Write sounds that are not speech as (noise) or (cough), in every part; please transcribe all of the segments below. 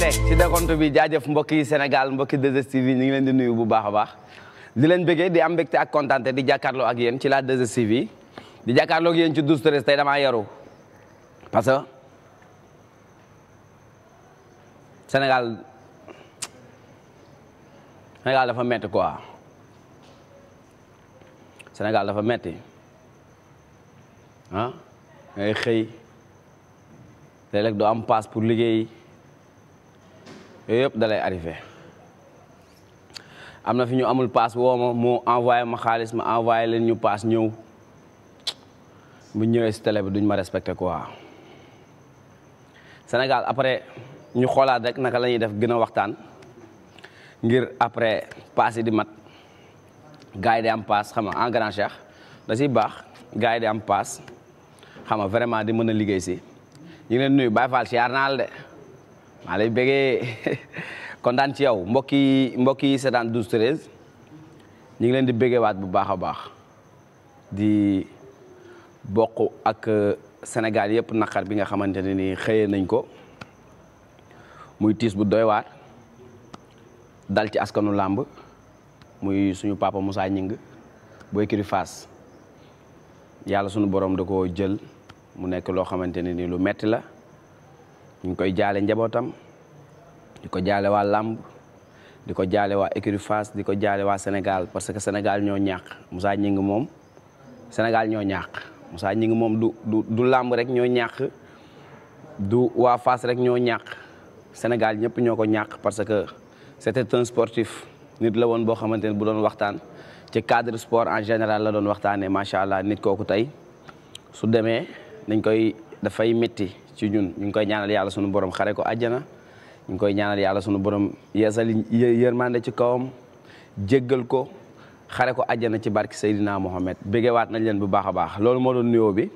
nekk ci décompte bi jaajëf mbokk yi Sénégal mbokki 2STV yi ñu ngi leen di nuyu bu baax a baax di leen bëggee di am mbégte ak kontaante di jàkkaarloo ak yéen ci la 2STV yi di jàkkaarloo ak yéen ci 12 13 tey damaa yaru parce que Sénégal Sénégal dafa ko quoi Sénégal dafa metti ah ngay xëy léeg-léeg doo am paas pour liggéey. yooyu yëpp dalay arrivé am na fi ñu amul paas woomo ma moo envoyé ma xaalis ma envoyé leen ñu paas ñëw bu ñëwee si télé bi duñ ma respecté quoi Sénégal après ñu xoolaat rek naka la ñuy def gën a waxtaan ngir après paas di mat gars yi di am paas xam nga en grand cheikh da si baax gars yi di am paas xam nga vraiment di mën a liggéey si ñu ngi leen nuyu Baye Fall siyaar naa de. maa lay bëggee (laughs) kontaan ci yow mbokk yi mbokk yi seetaan 12 ñu ngi leen di bëggee waat bu baax a baax di bokk ak euh, Sénégal yëpp naqar bi nga xamante ne ni xëyee nañ ko muy tiis bu doy waar dal ci askanu làmb muy suñu papa Moussa ñing booy kiri Fass yàlla suñu borom da ko jël mu nekk loo xamante ne ni lu metti la ñu koy jaale njabootam di ko jaale waa làmb di ko jaale waa écurie Fass di ko jaale waa Sénégal parce que Sénégal ñoo ñàkk Moussa Gningue moom Sénégal ñoo ñàkk Moussa Gningue moom du du du làmb rek ñoo ñàkk du waa Fass rek ñoo ñàkk Sénégal ñëpp ñoo ko ñàkk parce que c'était un sportif nit la woon boo xamante ne bu doon waxtaan ci cadre sport en général la doon waxtaanee macha allah nit kooku tey su demee dañ koy dafay métti ci ñun ñu ngi koy ñaanal yàlla sunu borom xare ko àjjana ñu koy ñaanal yàlla sunu borom yeesali yërmande ci kawam jéggal ko xare ko àjjana ci bark Seydina Mohamed bégewaat nañ leen bu baax a baax loolu moo doon nuyoo bi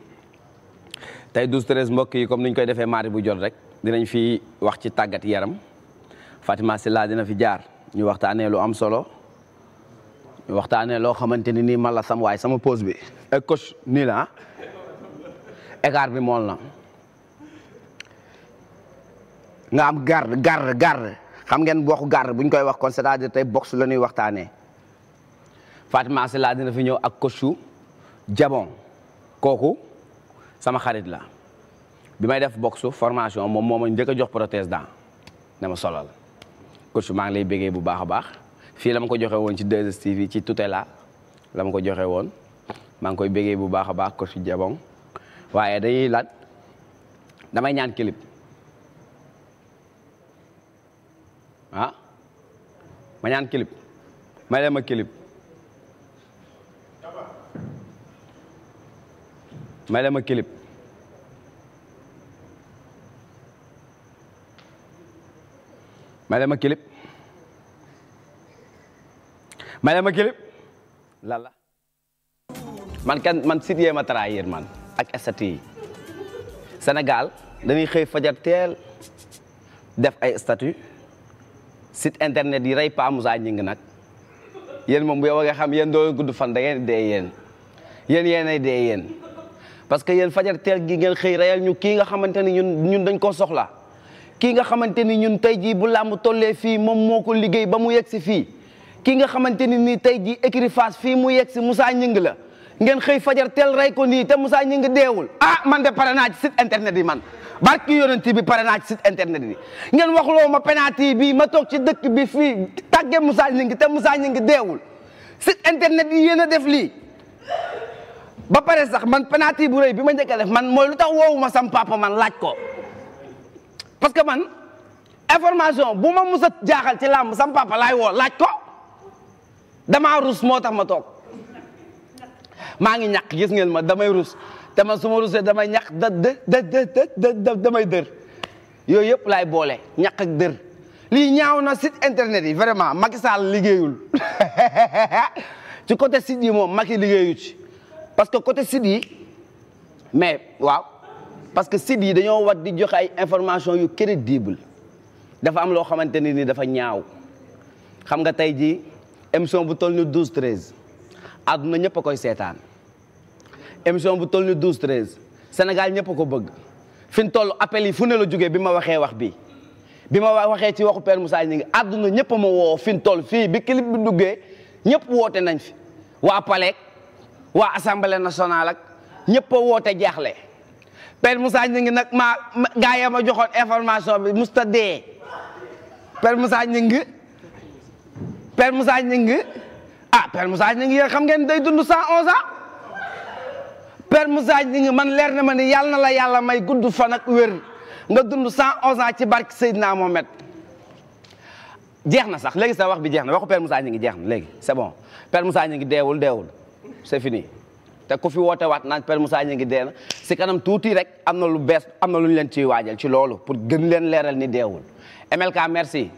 tey 12 13 mbokk yi comme ni koy defee mardi bu jot rek dinañ fi wax ci tàggat yaram Fatima Silla dina fi jaar ñu waxtaanee loo am solo ñu waxtaanee loo xamante ni nii man la sam waaye sama pause bi. coach nii la ah. bi mool na. nga am garde garde garde xam ngeen waxu garde buñ koy wax kon c'est-à-dire tey boxe la ñuy waxtaanee Fatima dina fi ñëw ak coachu Jabon kooku sama xarit la bi may def boxe formation moom moo ma njëkk a jox prothèse dent ne ma solal maa ngi lay bégee bu baax a baax fii la ko joxe woon ci 2STV ci tutela la ma ko joxe woon maa ngi koy bégee bu baax a baax coach Jabon waaye dañuy laaj damay ñaan clip ah ma ñaan clip may leen ma clip may leen ma clip may leen ma clip may ma clip lala man kan man sit man ak estati yi Sénégal dañuy xëy def ay statut site internet yi rey Pa Moussa Gningue nag yéen moom bu yow nga xam yéen doo gudd fan da ngeen dee yéen yéen yéenay dee yéen parce que yéen fajar teel gi ngeen xëy reyal ñu kii nga xamante ni ñun ñun dañ koo soxla kii nga xamante ni ñun tey jii bu làmb tolle fii moom moo ko liggéey ba mu yegg si fii kii nga xamante ni nii tey jii écurie Fass fii mu yegg si Moussa Gningue la ngeen xëy fajar teel rey ko nii te Moussa Gningue deewul ah man de pare naa ci internet yi man barki yonent bi pare naa ci site internet bi ngeen wax loo ma penalty bi ma toog ci dëkk bi fii tàgge Moussa Gningue te Moussa Gningue deewul site internet yi yéen a def lii ba pare sax man penalty bu rëy bi ma njëkk def man mooy lu tax woowu ma sam papa man laaj ko parce que man information bu ma mus a jaaxal ci làmb sam papa laay woo laaj ko damaa rus moo tax ma toog maa ngi ñàkk gis ngeen ma damay rus te man su ma damay ñaq da da da damay dër yooyu yëpp laay boole ñaq ak dër lii ñaaw na site internet yi vraiment Macky Sall liggéeyul (laughs) ci côté site yi moom Macky liggéeyu ci parce que côté site yi mais waaw parce que site yi dañoo war di joxe ay information yu crédible dafa am loo xamante ne ni dafa ñaaw xam nga tey ji émission bu toll ni douze treize àdduna ñëpp koy seetaan émission bu toll ni 12 13 Sénégal ñëpp ko bëgg fi mu toll appel yi fu ne la jógee bi ma waxee wax bi bi ma waxee ci waxu Père Moussa ñu ngi àdduna ñëpp ma woo fi mu toll fii bi clip bi duggee ñëpp woote nañ fi waa Palais waa assemblée nationale ak ñëpp woote jaaxle Père Moussa ñu ngi nag maa gaa yi joxoon information bi musta dee Père Moussa ñu ngi Père ah, xam ngeen day dund 111 ans. Père Moussa Gningue man leer na ma ni yàlla na la yàlla may gudd fan ak wér nga dund 111 ans ci barke Seydina Mohamed jeex na sax léegi sa wax bi jeex na waxu Père Moussa Gningue jeex na léegi c'est bon Père Moussa Gningue deewul deewul c'est fini te ku fi woote waat naan Père Moussa dee na si tuuti rek am na lu bees am na lu ñu leen ciy waajal ci loolu pour gën leen leeral ni deewul MLK merci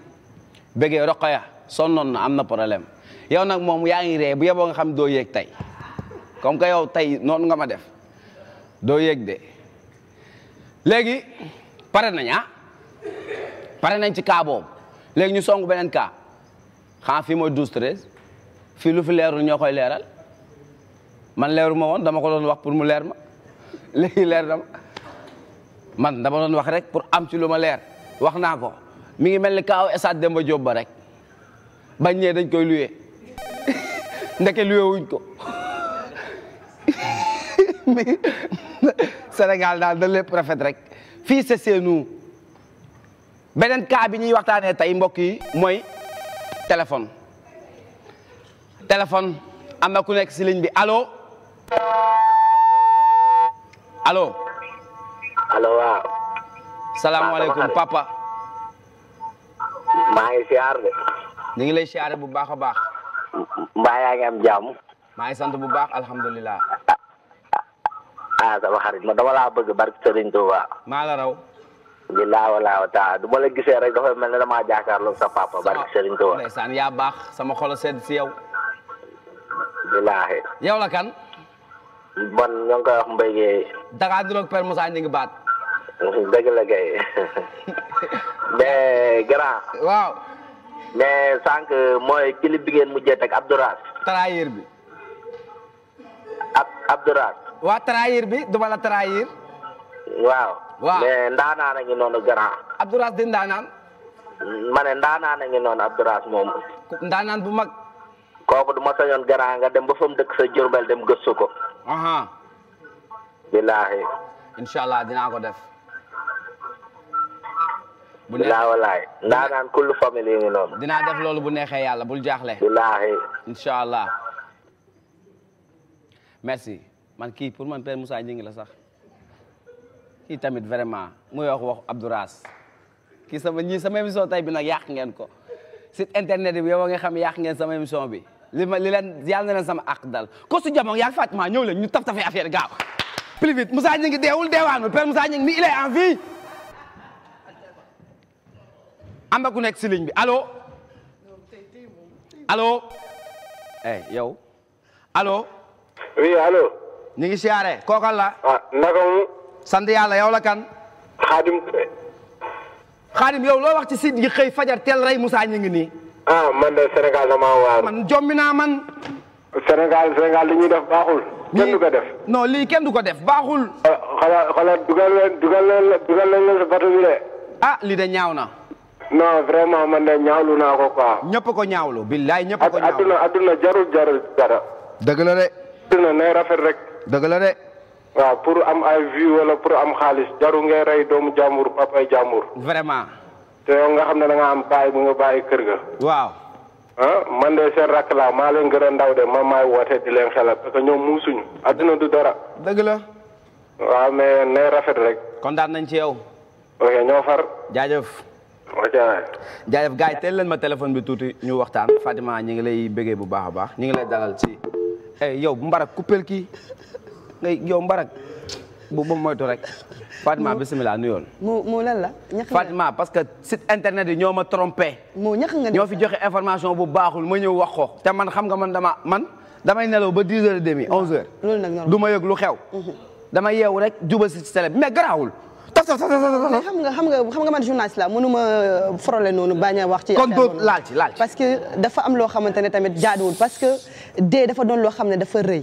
bëggee Roqoya sonnoon na am na problème yow nag moom yaa ngi ree bu yeboo nga xam doo yéeg tey comme que yow tey noonu nga ma def doo yéeg de léegi pare nañ ah pare nañ ci kaaboom boobu léegi ñu song beneen kaa xanaa fi mooy douze treize fii lu fi leerul ñoo koy leeral man leeru ma woon dama ko loon wax pour mu leer ma léegi leer na ma man dama doon wax rek pour am ci lu ma leer wax naa ko mi ngi mel ni kaaw Estade Demba Diop ba rek bañ ñee dañ koy luye (laughs) ndeke luye wuñ ko mais daal da lépp rafet rek fii c'est beneen cas bi ñuy waxtaanee tey mbokk yi mooy téléphone téléphone am na ku nekk si ligne bi allo allo. allo waaw. papa. maa ngi siyaar de. ngi lay siyaare bu baax a baax. mbaa yaa ngi am jàmm. maa ngi sant bu baax alhamdulilah. ah sama xarit ma dama laa bëgg barke Sëriñ Tuuba. maa la raw. di laawa laawa taa du ma la gisee rek dafay mel ne maa jàkkaarloog sa papa barke Sëriñ Tuuba. ndeysaan yaa baax sama xol sedd si yow. bilaahi. yow la kan. man ñoo koy wax Mbaye Gueye. Dakar di roog Père Moussa ñu ngi baat. (laughs) dëgg la kay (laughs) mais grand. waaw. mais sànq mooy clip bi ngeen mujjee teg Abdourahmane. trahir bi. ab Abdourahmane. waa trahir bi du ma la trahir. waaw. waaw mais noonu grand. Abdou Rass di ndaanaan. ma ne a ngi noonu Abdou moom. ndaanaan bu mag. kooku duma ma sañoon nga dem ba fa dëkk sa Jurbel dem gëstu ko. billaahi. incha allah dinaa ko def. bu neexee bilaa walaay bu neexee yàlla bul jaaxle. billaahi. incha allah man kii pour man père Moussa Gningue la sax kii tamit vraiment muy wax wax Abdouraas kii sama ñii sama émission tey bi nag yàq ngeen ko si internet bi yow nga xam yàq ngeen sama émission bi li ma li leen yàlla na leen sama àq dal ko su jamono yaa ngi Fatima ñëw leen ñu taf tafee affaire gaaw plus vite Moussa Gningue deewul deewaanul père Moussa Gningue mi il est en ku nekk si ligne bi allo allo eh yow allo ñu ngi siyaare kookal la. ah naka mu. sant yàlla yow la kan. xaadim Touré. xaadim yow loo wax ci si gi xëy fajar tel rey Moussa ñu ngi nii. ah man de Sénégal dama waar. man jommi naa man. Sénégal Sénégal li ñuy def baaxul. kenn du ko def non lii kenn du ko def baaxul. Ah, xala xala dugal leen dugal leen leen sa bato bi de. Ah, lii de ñaaw na. vraiment man de ñaawlu naa ko quoi. ñëpp ko ñaawlu billaay ñëpp ko ñaawlu. adduna adduna jarul jarul dara. dëgg la de. rek. dëgg la de. waaw pour am ay vues wala pour am xaalis jaru ngay rey doomu jàmbur papay jàmbur. vraiment. te nga xam ne da am bay bu nga bàyyi kër ga. waaw. ah man de seen rakk laa maa leen gën a ndaw de man may woote di leen xelal parce que ñoom muusuñu adduna du dara. dëgg la. waaw mais nay rafet rek. kontaan nañ ci yow. ok ñoo far. jaajëf. ok. jaajëf gars yi leen ma téléphone bi tuuti ñu waxtaan Fatima ñu ngi lay bëggee bu baax a baax ñu ngi lay dalal ci. Eh, yow Mbara coupé ngay yow mbarak bu ba moytu rek Fatima bisimilah nuyoon. mu mu lan la ñax Fatima parce que site internet yi ñoo ma trompé. mu ñax nga ñoo fi joxe information bu baaxul ma ñëw wax ko. te man xam nga man dama man damay nelaw ba dix heures et demi onze heures. loolu nag du ma yëg lu xew. Mhm. dama yeewu rek juba si télé bi mais garaawul. mais xam nga xam nga xam nga man journaliste la mënu ma euh, frôler noonu bañ a wax. ci kon doo laal ci laal ci. que dafa am xamante ne tamit jaaduwul parce que dee dafa doon loo xam ne dafa rëy.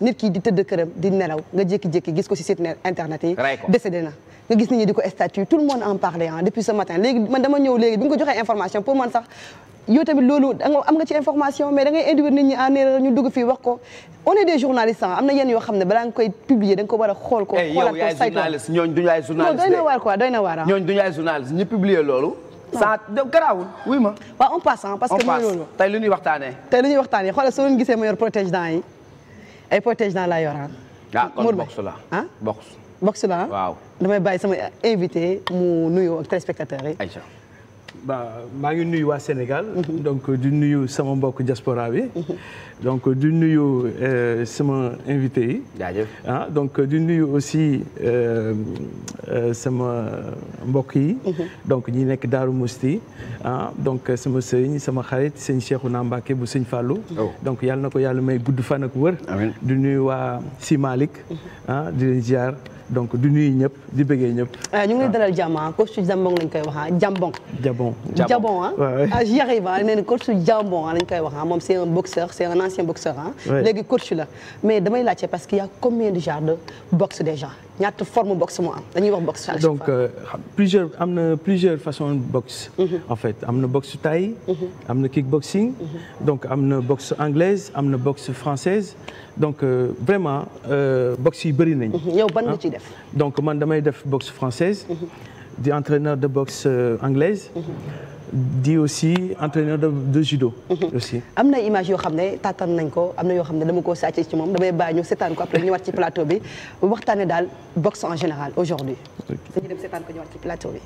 nit ki di tëdd këram di nelaw nga jékki-jékki gis ko ci site internet yi décédé na nga gis nit ñi di ko statut tout le monde en parlait ah depuis ce matin léegi man dama ñëw léegi bi ko joxee information pour man sax yow tamit loolu am nga ci information mais da ngay nit ñi en erreur ñu dugg fii wax ko on est am na yenn yoo xam ne balaa nga koy publier da ko war a xool ko eh, xoolaat ko saytu journaliste ñooñ duñu ay journaliste doy na waar quoi doy na waar ay protège dans la yoraan. Ah. ah kon box la ah box. box la ah? waaw damay bàyyi sama invité mu nuyoo ak téléspectateurs yi. maa ngi nuyu waa Sénégal. Mhm. donc du nuyu sama mbokk diaspora bi. Mhm. donc du nuyu euh, sama invité yi. jaajëf ah donc di nuyu aussi euh, euh, sama mbokk yi. Mhm. donc ñi nekk Darou Mousti ah donc sama sëñ sama xarit sëñ Cheikhouna Mbacké bu sëñ Fallou. Oh. donc yàlla na ko yàlla may gudd fan ak wër. amiin di nuyu waa Simalik ah di leen ziar. donc du nuyu ñëpp di bëggee ñëpp. Euh, ñu ngi lay ah. dalal jàmm ah coach jambon lañ koy wax ah jambon. jambon jambon ah. ah j'y arrive ah nee ah, koy wax ah moom c' est un boxeur c' un ancien boxeur ah. léegi la mais damay laajte parce que y' a combien de genres de boxe déjà. ñaata forme boxe moo am dañuy wax boxe. à donc euh, am na plusieurs façons boxe. Mm fait am na boxe thaï. Mhm. am na kickboxing. Mhm. donc am na boxe anglaise am na boxe française donc euh, vraiment euh, boxe yi bëri nañ mhm. yow ban nga ah. ciy donc man damay def boxe française. di entraîneur de boxe euh, anglaise. di aussi entraîneur de de judo. Mhm. am na image yoo xam ne tàttan nañ ko am na yoo xam ne dama koo sàcce ci moom damay bàyyi ñu seetaan ko après ñëwaat ci plateau bi waxtaanee daal boxe en général aujourd'hui dañu dem seetaan ko ñëwaat ci plateau bi.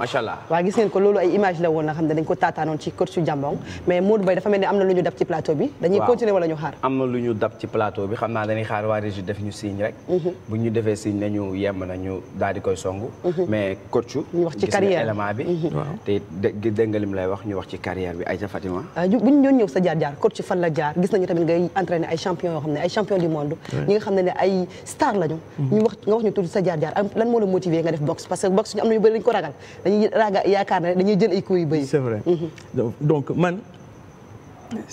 macha allah waaw gis ngeen ko loolu ay image la woon nga xam ne dañ ko taataanoon ci kër su jàmbong mais Modou Mbaye dafa mel am na lu ñu dab ci plateau bi dañuy continuer wala ñu xaar am na lu ñu dab ci plateau bi xam naa rek mhm. bu ñu defee signe nañu yemb nañu daal koy song mhm. mais coach ñu wax ci carrière élément bi mhm. te dégg nga lay wax ñu wax ci carrière bi Aïcha Fatima ah, bu ñu doon ñëw sa jaar jaar coach fan la jaar gis nañu tamit ngay entraîné ay champion yoo xam ne ay champion du monde ñi nga xam ne dañuy raaga yaakaar ne dañuy jël ay coups yu mhm. donc man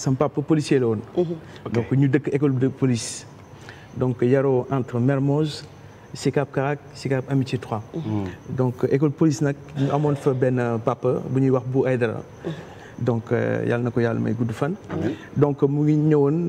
sama papa policier la woon. Mhm. donc ñu dëkk école de police. donc yaroo entre Mermoz Sicap Karak Sicap Amitié 3. Mhm. donc école police nag ñu amoon fa benn papa bu ñuy wax bu Aydara. donc euh, yàlla na yàlla may gudd fan. donc mu ngi ñëwoon.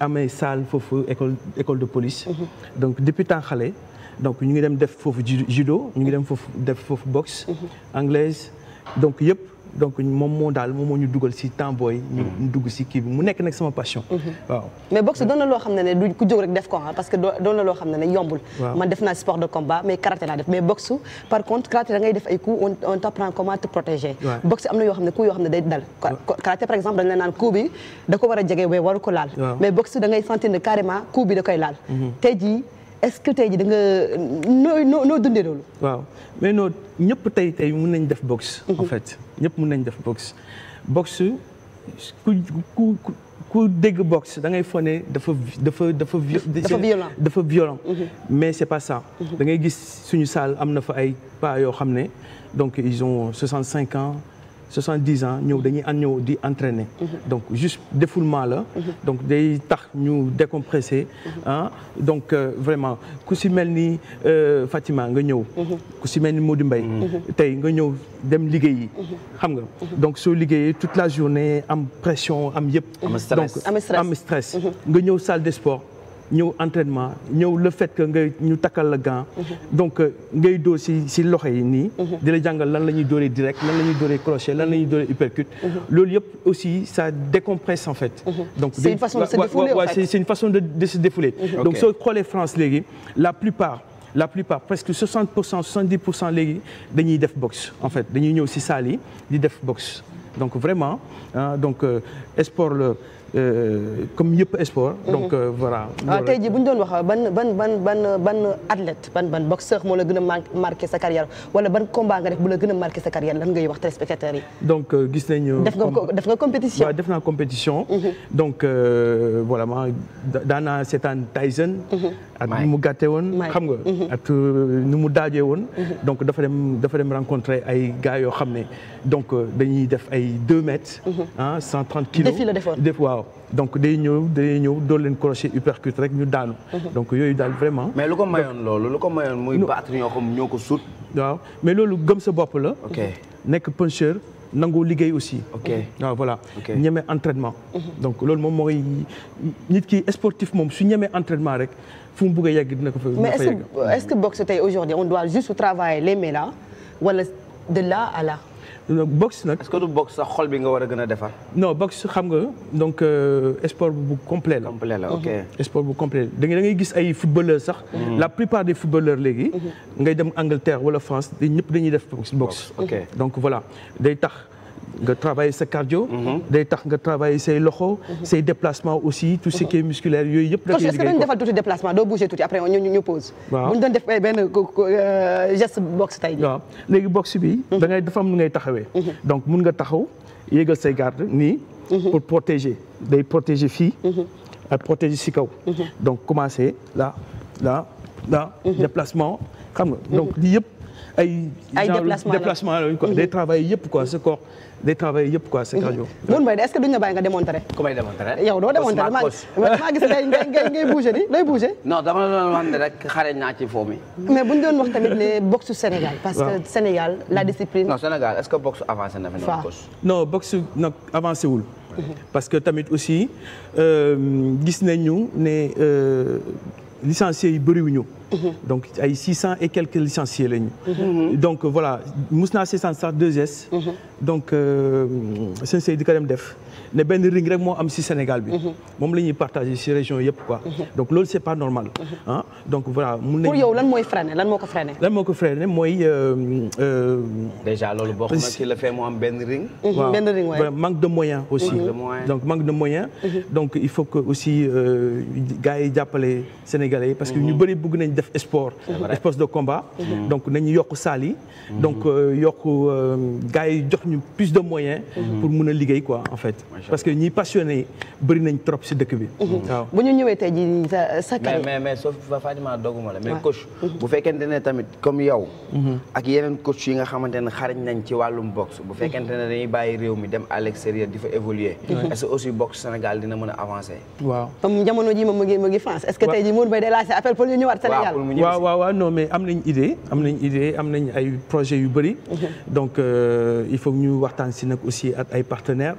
amee salle foofu école école de police. Mhm. donc depuis tant xale. donc ñu ngi dem def foofu judo ñu ngi dem foofu def foofu boxe. Mhm. anglaise donc yëpp. donc moom moo daal moom moo ñu dugal si temps booy. ñu mm-hmm. dugg si kii mu nekk nag sama passion. Mm-hmm. mais boxe doon na loo xam ne ne ku jóg rek def ko ah, par contre karaté da ngay def ay coups on t'apprend comment te protéger. waaw boxe am na yoo xam ne coups yoo xam ne day dal. karaté par exemple dañ la naan coup bi war a jege mais waru laal. mais boxe da sentir ne carrément coup bi da koy laal. Mm-hmm. tey jii est mais ñëpp mun nañ def boxe boxe ku dégg box da ngay fone dafa dafa dafa violent dafa violent mhm. mais c'est pas ça mhm. da ngay gis suñu salle am na fa ay pas yoo xam ne donc ils ont 65 ans soixante-dix ans ñëw dañuy an ñëw di entraîner. donc juste défoulement la. donc day tax ñu décompresser. ah donc euh, vraiment ku si mel ni euh, Fatima nga ñëw. ku si mel ni moo di mbay tey nga ñëw dem liggéeyi. xam nga donc soo liggéeyee toute la journée am pression am yëpp. am stress donc am nga ñëw salle de sport. ñëw entraînement ñëw le fait que ngay ñu takkal la gant. donc euh, ngay dóor si si loxo yi nii. di la jàngal lan la ñuy dóoree direct lan la ñuy dóoree crochet lan la ñuy dóoree uppercut. loolu yëpp aussi sa décompresse en fait. donc c'est une façon de se défouler en c'est une façon de de se défouler. donc soo xoolee France léegi la plupart. la plupart presque 60 pour cent 70 pour cent léegi dañuy def boxe en fait dañuy ñëw si sali yi di def boxe donc vraiment donc euh, sport le Euh, comme yëpp sport. Mhm. donc euh, voilà. waaw ah, tey bu doon wax ban ban ban ban ban athlète ban ban boxeur moo la gën a marqué sa carrière wala ban combat nga def bu la gën a marqué sa carrière lan ngay wax téléspectateurs yi. donc euh, gis nañu. def nga def nga compétition. waaw def mhm. donc voilà ma daanaa seetaan Tyson. Mhm. a nu mu gàttee woon. xam nga ak nu mu daajee donc dafa dem dafa ay gars yoo xam ne donc dañuy def ay deux mètres. ah cent trente waaw donc day ñëw day ñëw doon leen crochet uppercut rek ñu daanu. Mhm. donc yooyu daal vraiment. mais lu ko mayoon loolu lu ko mayoon muy battre ñoo xam ñoo ko suut. waaw mais loolu gëm sa bopp nekk puncheur nangoo liggéey aussi. ñeme entraînement. Mhm. donc loolu moom mooy nit ki sportif moom su ñeme entraînement rek fu mu a yegg dina ko fa. mais est-ce que est-ce que boxe tey aujourd'hui on doit juste travailler les mains là wala de là à boxe nag. est-ce que du boxe sax xol bi nga war a gën a defar. non boxe xam nga donc euh, sport bu complet la. complet la ok mhm. sport bu complet da ngay da ngay gis ay footballeurs sax. Mhm. la plupart des footballeurs léegi. Mhm. ngay dem Angleterre wala France ñëpp dañuy def boxe. ok donc voilà day tax. nga travailler sa cardio. Mhm. day tax nga travailler say loxo. Mhm. say déplacement aussi tout ce mhm. qui est musculaire yooyu yëpp. da koy liggéey ko est-ce que dañu defal eh, euh, da ngay dafa am nu ngay donc mun nga taxaw yéegal say garde nii. pour protéger day protéger fi a protéger si kaw. donc commencer là là là. déplacement xam nga donc lii yëpp ay. ay déplacement la déplacement lañ quoi day travailler yëpp quoi ce corps. day travailler yëpp quoi cinq jours. Boun Mbaye est-ce que duñ la bàyyi nga démontrer. ku may démontrer. yow doo démontrer maa gis ngay ngay di day bouger. non dama la rek xare naa ci foo mi. mais buñ doon wax tamit ne boxe Sénégal. parce que Sénégal la discipline. non Sénégal est-ce que boxe avancé na fi. waaw non boxe nag avancé wul. parce que tamit aussi euh, gis ñu ne euh, licenciés yi bëriwuñu. Mm-hmm. donc ay six cent et quelques licenciés lañu. Mm-hmm. Mm-hmm. donc voilà mus naa six cent sax deux S. donc seen euh, sey di ko ne benn ring rek moo am si Sénégal bi. Mhm. moom la ñuy partagé ci région yëpp quoi. Mhm. donc loolu c'est pas normal. ah donc mun nañu. pour yow lan mooy freiné lan moo ko freiné. lan moo ko freiné mooy. Euh, euh, déjà loolu bokk na le fait mu am benn ring. benn ring waaye manque de moyens aussi. donc manque de moyens. donc il faut que aussi euh, gars yi jàppale Sénégalais yi parce que ñu bëri bëgg nañ def sport. sport de combat. donc nañu yokk saali donc yokk gars yi jox ñu plus de moyen pour mun a liggéey quoi en fait. parce que ñi passionné bëri nañ trop si dëkk bi. Mhm. bu ñu ñëwee tey jii sa sa mais doguma la mais coach. Mhm. bu fekkente ne tamit comme yow. Mhm. ak yeneen coach yi nga xamante ne xarañ nañ ci wàllum boxe bu fekkente ne dañuy bàyyi réew mi dem à di fa évoluer. est-ce que aussi boxe Sénégal dina mën a avancer. waaw comme jamono ji moom mu ngi mu ngi France est-ce que tey jii Modou Mbaye day lancé appel pour ñu ñëwaat Sénégal. waaw waaw waaw non mais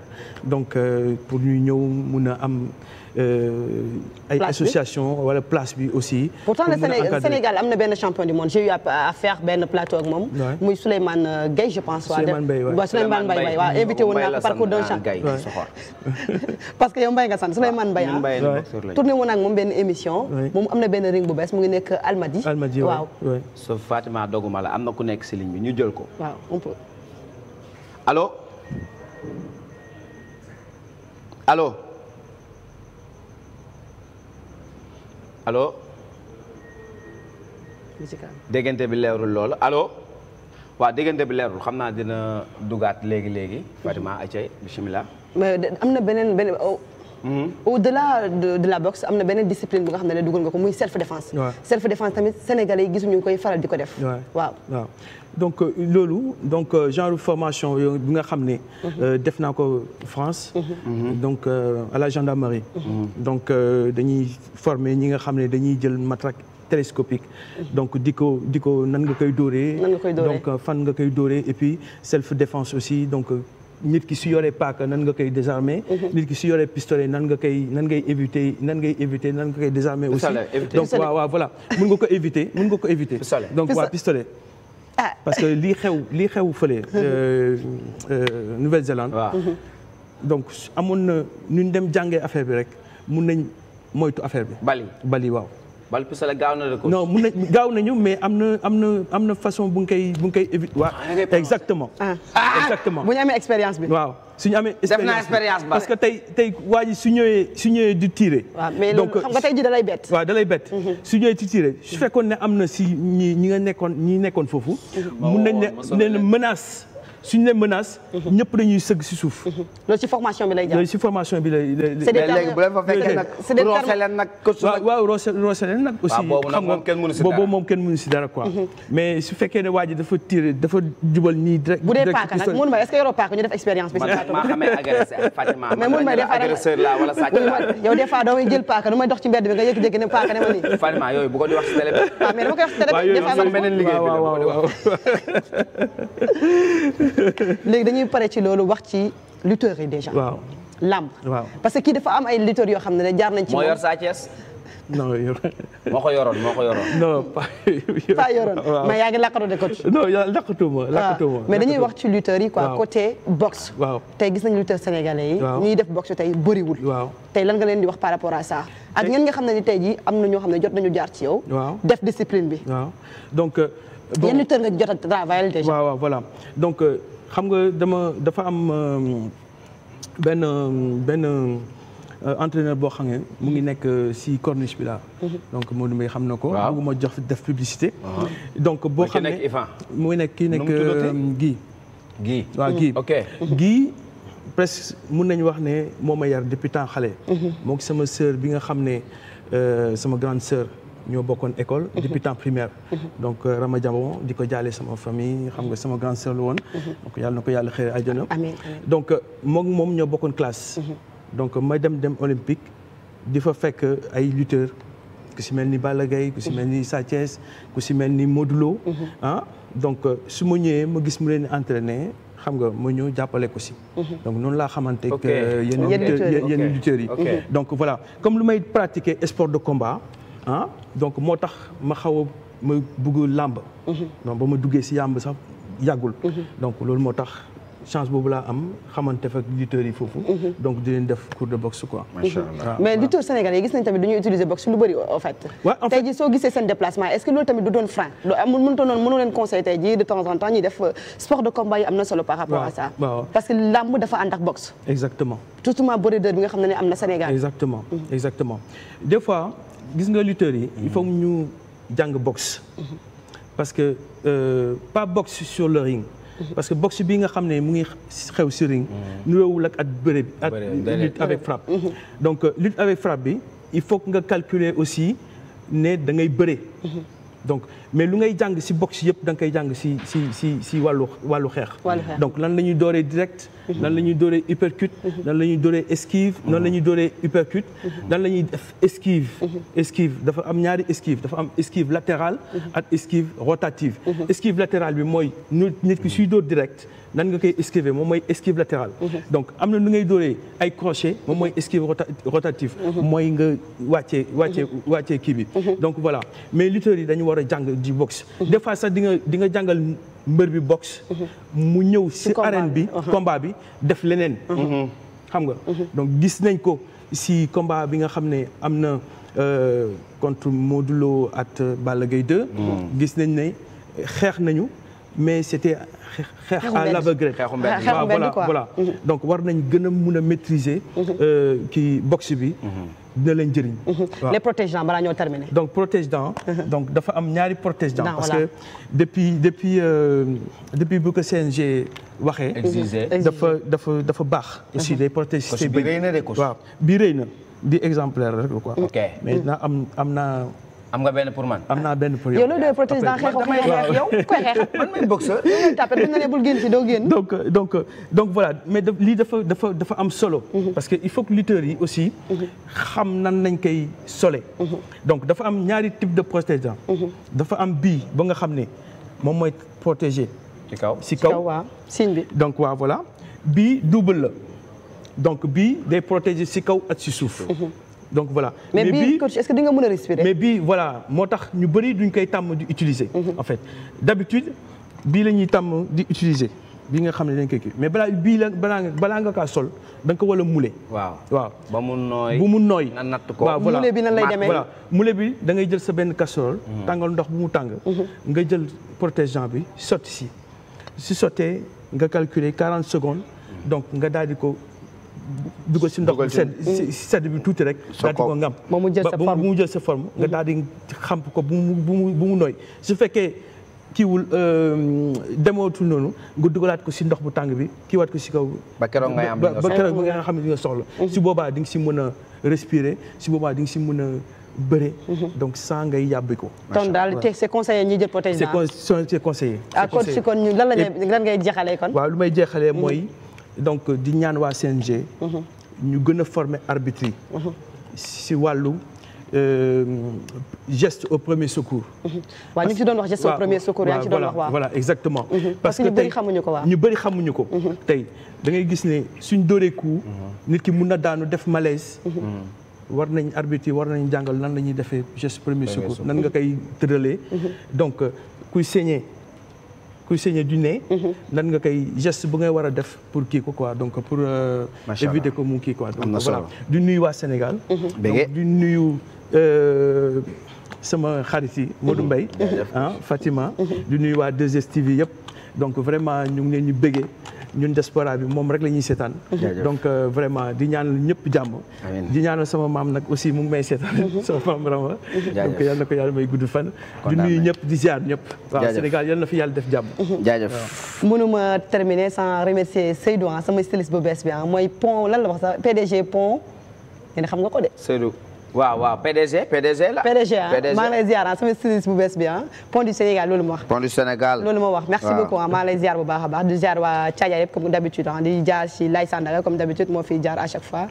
am donc pour ñuy ñëw mun a am. Euh, ay association wala place bi aussi. pourtant le Sénégal am na benn champion du monde j'ai eu à faire benn plateau ak moom. muy Souleymane euh, Gueye je pense. Souleymane Mbaye waaw Souleymane Mbaye waaw invité woon naa ko parcours d'un ah, champion. (laughs) parce que yow Mbaye nga sant Souleymane a ah. tourné woon ak moom benn émission. moom am na benn ring bu bees mu ngi nekk Almadi. Almadi waaw waaw. sauf Fatima doguma la am na ku nekk si ligne bi ñu jël ko. waaw on allo allo déggante bi leerul lool alo waa déggante bi leerul xam naa dina dugaat léegi léegi mm-hmm. Fatima acay bismillah am na beneen beneen oh, Mm-hmm. au-delà de la boxe am na beneen discipline bu nga xam ne dugal nga ko muy self défense. self défense tamit sénégalais yi gisuñu koy faral di ko def. waaw waaw donc euh, loolu donc euh, genre formation yooyu bi nga xam ne. Mm-hmm. Euh, def naa ko France. Mm-hmm. donc à la gendarmerie. donc dañuy former ñi nga xam ne dañuy jël matraque. télescopique donc di ko di ko nan nga koy dóoree donc fan nga koy doore et puis self défense aussi donc nit ki si yoree paaka nan nga koy désarmer. Mhm. nit ki si yoree pistolet nanga nga koy nan ngay éviter nan ngay éviter nan nga koy désarmer aussi donc waaw waaw voilà mun nga ko éviter mun nga ko éviter donc waaw pistolet ah. parce que lii xew lii xew fële mhm. euh, euh, Nouvelle-Zélande mhm. donc amoon na ñu dem jàngee affaire bi rek mun nañ moytu affaire bi bali bali waaw bal puisque gaaw na ko. mun na gaaw nañu mais am na façon bu nga koy bu ah, exactement. Ah. exactement bu ñu amee expérience bi. waaw su ñu amee. expérience parce que tey tey waa ji di tirer. donc xam mhm. su fekkoon ne am na si ñi ñi nga nekkoon foofu. Mhm. mun nañ ne ne menace. suñ leen menace. ñëpp dañuy sëgg si suuf. Mhm. loolu si formation bi lay jàpp bu leen fa fekkee nag. c'est des termes roose nag. waaw nag. Ah, moom kenn mënu si dara quoi. Mhm. mais su fekkee ne dafa tiré dafa jubal nii direct. bu dee paaka nag mun ma que yoroo paaka ñu def expérience bi. maa xamee (laughs) mais ma agresseur la wala sàcc la. (laughs) yow des fois doo may jël paaka nu may dox ci mbedd bi nga yëkki-yëkki ne paaka ne ma nii. Fatima yooyu bu di wax si bi. waaw ah, mais dama koy wax si télé (laughs) (laughs) léegi dañuy pare ci loolu wax ci lutteurs yi déjà. waaw làmb. waaw parce que kii dafa am ay lutteurs yoo xam ne jaar nañ ci. moo yor Sa moo ko yoroon moo ko yoroon. non pas yoroon. waaw mais yaa ngi lakkatu de coach. non lakkatuma ah. lakkatuma. mais dañuy wax ci lutteurs yi quoi côté boxe. waaw tey gis nañu lutteurs sénégalais yi. ñuy def boxe tey bëriwul. waaw tey lan nga leen di wax par rapport à ça. ak ñenn nga xam ne ni tey jii am na ñoo xam ne jot nañu jaar ci yow. waaw def discipline bi. donc. Euh, bon yenn tër nga jot a travail déjà. waaw waaw voilà donc euh, xam nga dama dafa am euh, benn benn euh, entraîneur boo xam ne mu ngi nekk si corniche bi là. Mhm. donc xam na ko. waaw mu ma jox def uh-huh. donc boo xam ne mu nekk kii nekk Guy. Guy waaw Guy ok Guy. presque mun nañu wax ne moo ma yar depuis temps xale. Mhm. moo sama sœur bi nga xam ne sama grande sœur. ñoo bokkoon école. Mhm. depuis temps primaire. Mhm. donc euh, Rama Diabon di ko jaale sama famille xam nga sama grande sœur la mhm. ko yàlla xëy àjjana. donc euh, moom moom ñoo bokkoon classe. donc may dem dem olympique di fa fekk ay lutteurs ku si mel ni Balla Gaye ku si mel ni Sa Thiès ku si mel ni Modou ah, donc euh, su ma ñëwee ma gis mu leen entraîné xam nga ma ñëw jàppale ko si. donc noonu laa xamante que yenn lutteurs yi donc voilà comme lu may pratiquer sport de combat. ah donc moo tax ma xaw a ma bëgg làmb mhm. mhm. donc moo tax chance boobu laa am xamante fa lutteurs foofu mhm. donc di leen def cours de boxe quoi macha allah ah, mais lutteurs sénégalais yi nañ tamit dañuy utiliser boxe lu bëri en fait tey jii soo gisee seen déplacement est ce que loolu tamit du doon frein amul ah, mënutoo noonu mënoo leen conseil tey jii de temps en temps ñuy def euh, sport de combat yi am na solo par rapport à ça parce que làmb dafa ànd ak boxe exactement tout simplement bodybuilder bi nga gis nga lutteurs yi. il faut ñu jàng box parce que euh, pas boxe sur le ring. parce que boxe bi nga xam ne mu ngi xew si ring. nuyoowul ak at bëre ak lutte avec frappe. donc euh, lutte avec frappe bi il faut que nga calculer aussi ne da ngay bëre. donc mais lu ngay jàng si boxe yëpp da koy jàng si si si si wàllu wàllu xeex. donc lan la ñuy dooree direct. nan la ñuy dóoree uppercut nan la ñuy dóoree esquive nan la ñuy dóoree uppercut nan la ñuy def esquive esquive dafa am ñaari esquive dafa am esquive latérale ak esquive rotative esquive latérale bi mooy ñu nit ki suy direct nan nga koy esquiver moom mooy esquive latérale donc am na nu ngay dóoree ay crochet moom mooy esquive rotative mooy nga wàccee wàccee wàccee kii bi donc voilà mais lutteurs yi dañu war a jàng di boxe des sax di nga mbër bi boxe mhm. mu ñëw si arène bi mhm. combat bi def leneen mhm. xam nga donc gis nañ ko si combat bi nga xam ne am na euh, contre Modou Lo at Balla Gaye gis nañ ne xeex nañu mais c'était xeex à l'aveugle waaw voilà voilà donc war nañ gën a mun a maîtriser euh, ki box bi dina leen jëriñ. Mhm. les protège-dents balaa ñoo terminer. donc protège-dents. Mhm. donc dafa am ñaari protège dans parce que depuis depuis euh, depuis bu ko CNG waxee. dafa dafa dafa baax. aussi day protège seen bëri. bi rëy na bi rëy na di exemplaire rek quoi. ok mais na am na. am nga benn pour am naa benn pour yow. yow loolu day protestant xeex xeex yow koy xeex man boxeur. (laughs) yow tapé bu ñu la nee génn ci doo génn. donc donc donc voilà mais lii dafa dafa dafa am solo. Mhm. parce que il faut que lutteurs aussi. Mhm. xam nan lañ koy sole. Mhm. donc dafa am ñaari type de protestant. dafa am bi ba nga xam ne moom mooy protégé. ci kaw si kaw waaw bi. donc waaw voilà bi double la donc bii day protégé ci kaw at si suuf. donc voilà. mais bii coach est-ce que di nga mën mais bii voilà moo tax ñu bëri duñ koy tàmm di utiliser. Mhm. en fait d'habitude bii la ñuy tàmm di utiliser. bii nga xam ne dañ koy kii mais balaa bii la balaa nga balaa nga kaa sol da nga ko war a mule. waaw waaw ba mu nooy bu mu nooy. na natt ko waaw voilà mule bi nan lay demee mule bi dangay jël sa benn casserole. Mhm. tàngal ndox bu mu tàng. Mhm. nga jël protège-dents bi sotti si. si sottee nga calculer 40 secondes. donc nga daal ko. dugal si ndox mi sedd bi tuuti rek. daal di ko ngam ba mu jël sa forme nga daal di xamp ko bu mu bu mu bu mu nooy su fekkee kiiwul euh, demootul noonu nga dugalaat ko si ndox bu tàng bi kiiwaat ko si kaw. ba keroog nga am ba keroog nga xam ne di nga soxla. Mhm. si boobaa di nga si mën a respirer si boobaa di nga si mën a. bëre mhm. donc saa ngay yàbbi ko. ton daal te c'est conseiller ñi jël protège. c'est conseiller. a ah, kon si kon ñu lan la lan jeexalee kon. waaw lu may jeexalee mhm. mooy. donc euh, di ñaan waa CNG. Mhm. ñu gën a former arbitre mhm. si wàllu. Euh, geste au premier secours. Mhm. waaw ñu ngi ci doon wax geste au premier secours. yaa ngi ci doon wax waaw voilà exactement. parce ñu bëri xamuñu ko ñu ko. tey da ngay gis ne suñ dóoree coup. nit ki mun na daanu def malaise. war nañ arbitre war nañ jàngal nan la ñuy defee geste premier secours nan nga koy tëralee. donc euh, kuy saigner. kuy saigner du nez. lan mhm. nga koy geste bu ngay war a def pour kii ko quoi donc pour. Euh, macha allah éviter ko mu kii quoi. donc voilà du nuyu waa Sénégal. Mhm. donc du nuyu. Euh, sama xarit yi Modou mhm. Mbaye ah du nuyu waa 2STV yëpp donc vraiment ñu ngi leen ñu bëggee. ñun diaspora bi moom rek la ñuy seetaan donc euh, vraiment di ñaanal ñëpp jàmm di ñaanal sama maam nag aussi mu ngi may seetaan mhm. (laughs) sama maam Rama donc yal na ko yàlla may gudd fan di nuyu ñëpp di ziar ñëpp waaw Sénégal yal na fi yàlla def jàmm mhm. jaajëf mënuma terminer sans remercier Seydou ah, sama styliste bu bees bi ah mooy pont lan la wax sax PDG pont yéen xam nga ko de waaw waaw PDG PDG la. PDG ah maa ngi ah, bi ah pont du Sénégal loolu moo wax. du Sénégal loolu moo wax merci beaucoup ah maa ngi lay ziar bu baax a baax di ziar waa Thiadia yëpp comme d'habitude ah di jaar si moo fi jaar à chaque fois.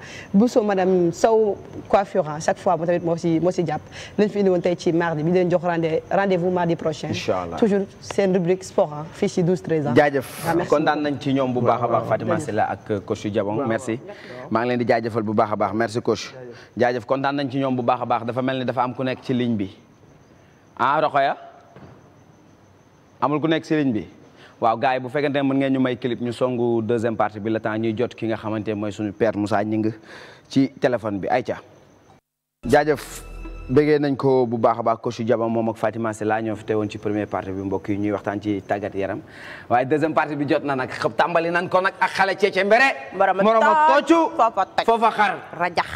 coiffure ah, chaque fois moo si moo si fi indi woon tey mardi bi leen jox rendez rendez mardi prochain. inchallah toujours seen rubrique sport ah, fii si 12 13 ans. jaajëf kontaan ci ñoom bu baax a baax Fatima Silla ak coach Diabong merci. maa bu baax a baax merci nañ ci ñoom bu baax a baax dafa mel ni dafa am ku nekk ci ligne bi ah Rokhaya amul ku nekk ci ligne bi waaw gars yi bu fekkente ne mën ngeen ñu may clip ñu songu deuxième partie bi le temps ñuy jot ki nga xamante mooy suñu père Moussa Gningue ci téléphone bi ayca jaajëf bëggee nañ ko bu baax a baax coach Diaba moom ak Fatima Sylla ñoo fi teewoon ci première partie bi mbokk yi ñuy waxtaan ci tàggat yaram waaye deuxième partie bi jot na nag xam tàmbali nañ ko nag ak xale ceece mbere. moroom ak toocu foofa xar rajax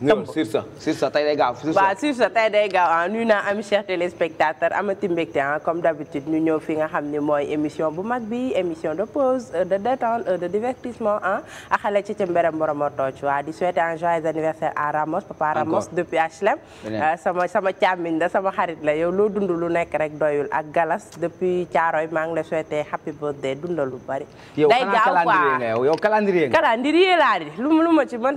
tëmb Sirsa Sirsa tey day gaaw. waaw Sirsa tey day gaaw ah nuyu naa am chers téléspectateurs amati ah, comme d'habitude ñu ñëw fi nga xam ni mooy émission bu mag bi émission de pause de détente de divertissement ah. axale ci ci mberem boroma tooc waa di souhaiter un joyeux anniversaire à Ramos papa Ramos depuis HLM. Ah, sama sama càmmiñ la sama xarit la yow loo dund lu nekk rek doyul ak Galas depuis Thiaroy maa ngi la souhaiter happy birthday de lu bari. yow calendrier nga yow laa di lu ma ci man.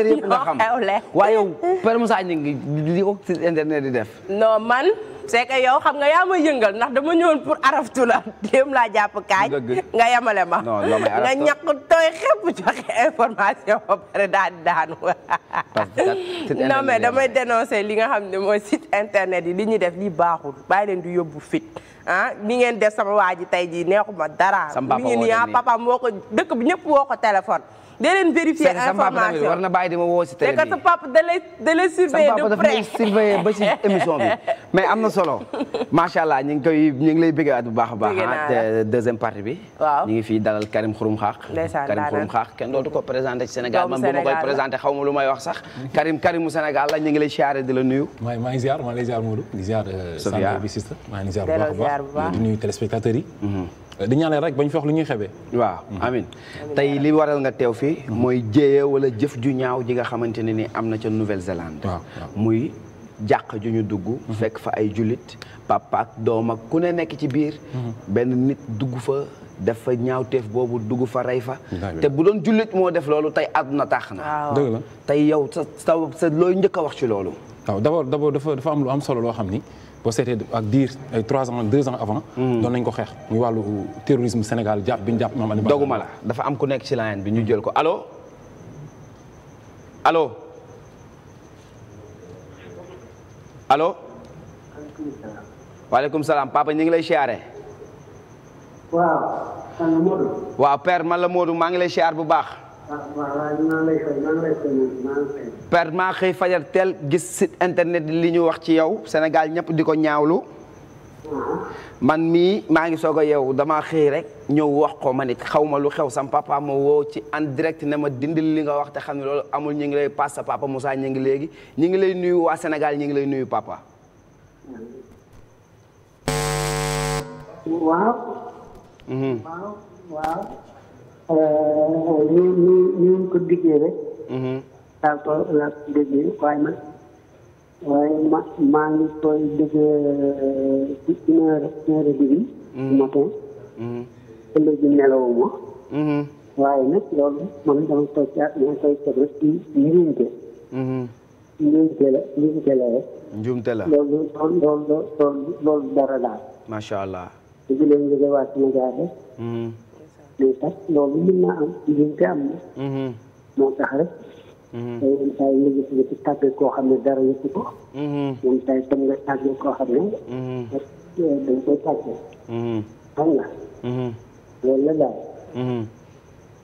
influenceur yëpp nga xam waaye yow Père Moussa Gningue li di def non man c'est que yow xam nga yaa ma yëngal ndax dama ñëwoon pour araftu la déem laa jàpp kaay nga yemale ma nga ñàkk tooy xepp joxe information ba pare daal di daanu (laughs) non mais damay dénoncer li nga xam ne mooy site internet yi li ñuy def li baaxul bàyyi leen di yóbbu fit ah ni ngeen def sama waa ji tey jii neexuma dara mi ngi nii ah papa moo ko dëkk bi ñëpp woo ko téléphone dee leen vérifier information war na bàyyi di ma woo si télé bi sa papa da lay de près sa papa (laughs) mais am na solo macha allah ñu ngi koy ñu ngi lay bëggee bu baax baax. Ah. deuxième partie bi. waaw ñu ngi fii dalal Karim Xurum Xaax. Karim Xurum Xaax kenn dootu ko présenté ci Sénégal man ma koy présenté xaw ma lu may wax sax. Karim Karimu Sénégal la ñu ngi lay siyaare di la nuyu. maa maa ngi ziar maa ngi lay ziar euh, bi sista maa ngi ziar bu baax a baax nuyu téléspectateurs yi. Mhm. di ñaanal rek bañ fi wax lu ñuy xebee. waaw mhm. amin tey li waral nga teew fii. mooy jéeya wala jëf ju ñaaw ji nga xamante ne ni am na ca Nouvelle-Zélande. muy jàq ju ñu dugg. Mhm. fekk fa ay jullit papa ak doom ak ku ne nekk ci biir. Mhm. benn nit dugg fa. def dafa ñaawteef boobu dugg fa rey fa. te bu doon jullit moo def loolu tey àdduna tax na. dëgg la tey yow sa sa looy njëkk wax ci loolu. waaw d'abord d'abord dafa dafa am lu am solo loo xam ni. boo seetee ak diir ay trois ans deux ans avant. Hmm. doon nañ ko xeex muy wàllu terrorisme Sénégal jàpp bi ñu jàpp Mame Alioune Badara. doguma la dafa am ku nekk ci line bi ñu jël ko allo allo allo. waaleykum salaam papa ñu ngi lay siyaare. waaw. per père man la Modou maa ngi lay siyaar bu baax. père maa xëy fajar teel gis site internet li ñu wax ci yow Sénégal ñëpp di ko ñaawlu man mii maa ngi soog a yow damaa xëy rek ñëw wax ko ma nit xaw ma lu xew sam papa ma woo ci en direct ne ma dindi li nga wax te xam ne loolu amul ñu ngi lay paas sa papa Moussa ñu ngi léegi ñu ngi lay nuyu waa Sénégal ñu ngi lay nuyu papa mhm. ni ni ni ko diggee rek. Mm-hmm. daal ko laa ko déggee waaye man waaye ma maa ngi koy déggee ci une heure une heure et demie. Mm-hmm. matin. Mm-hmm. léegi nelawuma. waaye nag loolu moom dama koy caa dama koy teg rek ci njuumte. njuumte la njuumte la rek. njuumte la loolu loolu loolu loolu dara daal. macha allah. di leen jógewaat sama jaar rek. day loolu mën naa am njuumte am na. moo tax rek. Mm-hmm. te ko. yenn saa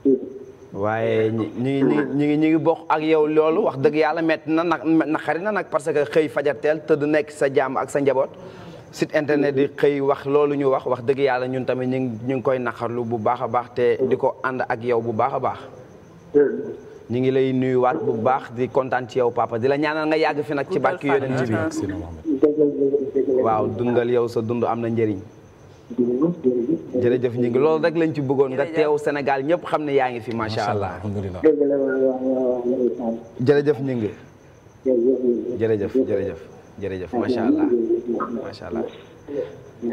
yi waaye ñi ngi ñi ngi bokk ak yow loolu wax dëgg yàlla metti na nag naqari na nag parce que xëy fajar teel tëdd nekk sa jàmm ak sa njaboot. site internet yi xëy wax loolu ñu wax wax dëgg yàlla ñun tamit ñu ngi ñu ngi koy naqarlu bu baax a baax te di ko ànd ak yow bu baax a baax. ñu ngi lay nuyuwaat bu baax di kontaan ci yow papa di la ñaanal nga yàgg fi nag ci barki yonent bi waaw dundal yow sa dund am na njariñ jërëjëf ñu ngi loolu rek lañ ci bëggoon nga teew Sénégal ñëpp xam ne yaa ngi fi macha allah. jërëjëf ñu ngi. jërëjëf jërëjëf. jërëjëf macha allah macha allah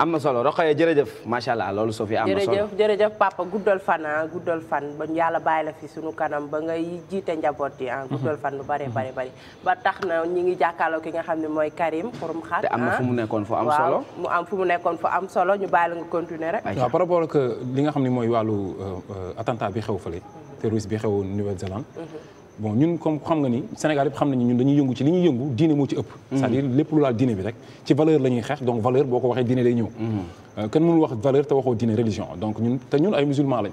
am na solo Rokhaya jërëjëf macha allah loolu Sophie am na solo jërëjëf jërëjëf papa guddal fan ah guddal fan ba yàlla bàyyi la fi sunu kanam ba ngay jiite njaboot yi ah. Mhm. guddal fan lu bari bari bari. ba tax na ñi ngi jàkkaarloo ki nga xam ne mooy Karim xurum xaat am na ah. fu mu nekkoon fu am solo mu am fu mu nekkoon fu am solo ñu bàyyi la nga continuer rek. waaw par rapport euh, li nga xam ne mooy wàllu euh, euh, attentat bi xew fële. Mhm. terroriste bi xew Nouvelle-Zélande. Mhm. bon ñun comme xam nga ni Sénégal yëpp xam nañu ñun dañuy yëngu ci li ñuy yëngu diine moo ci ëpp mm-hmm. cest à lépp lu laal diine bi rek ci valeur la xeex donc valeur boo ko waxee diine day ñëw mm-hmm. euh, kenn mënul wax valeur te waxoo diine religion donc ñun te ñun ay musulman lañ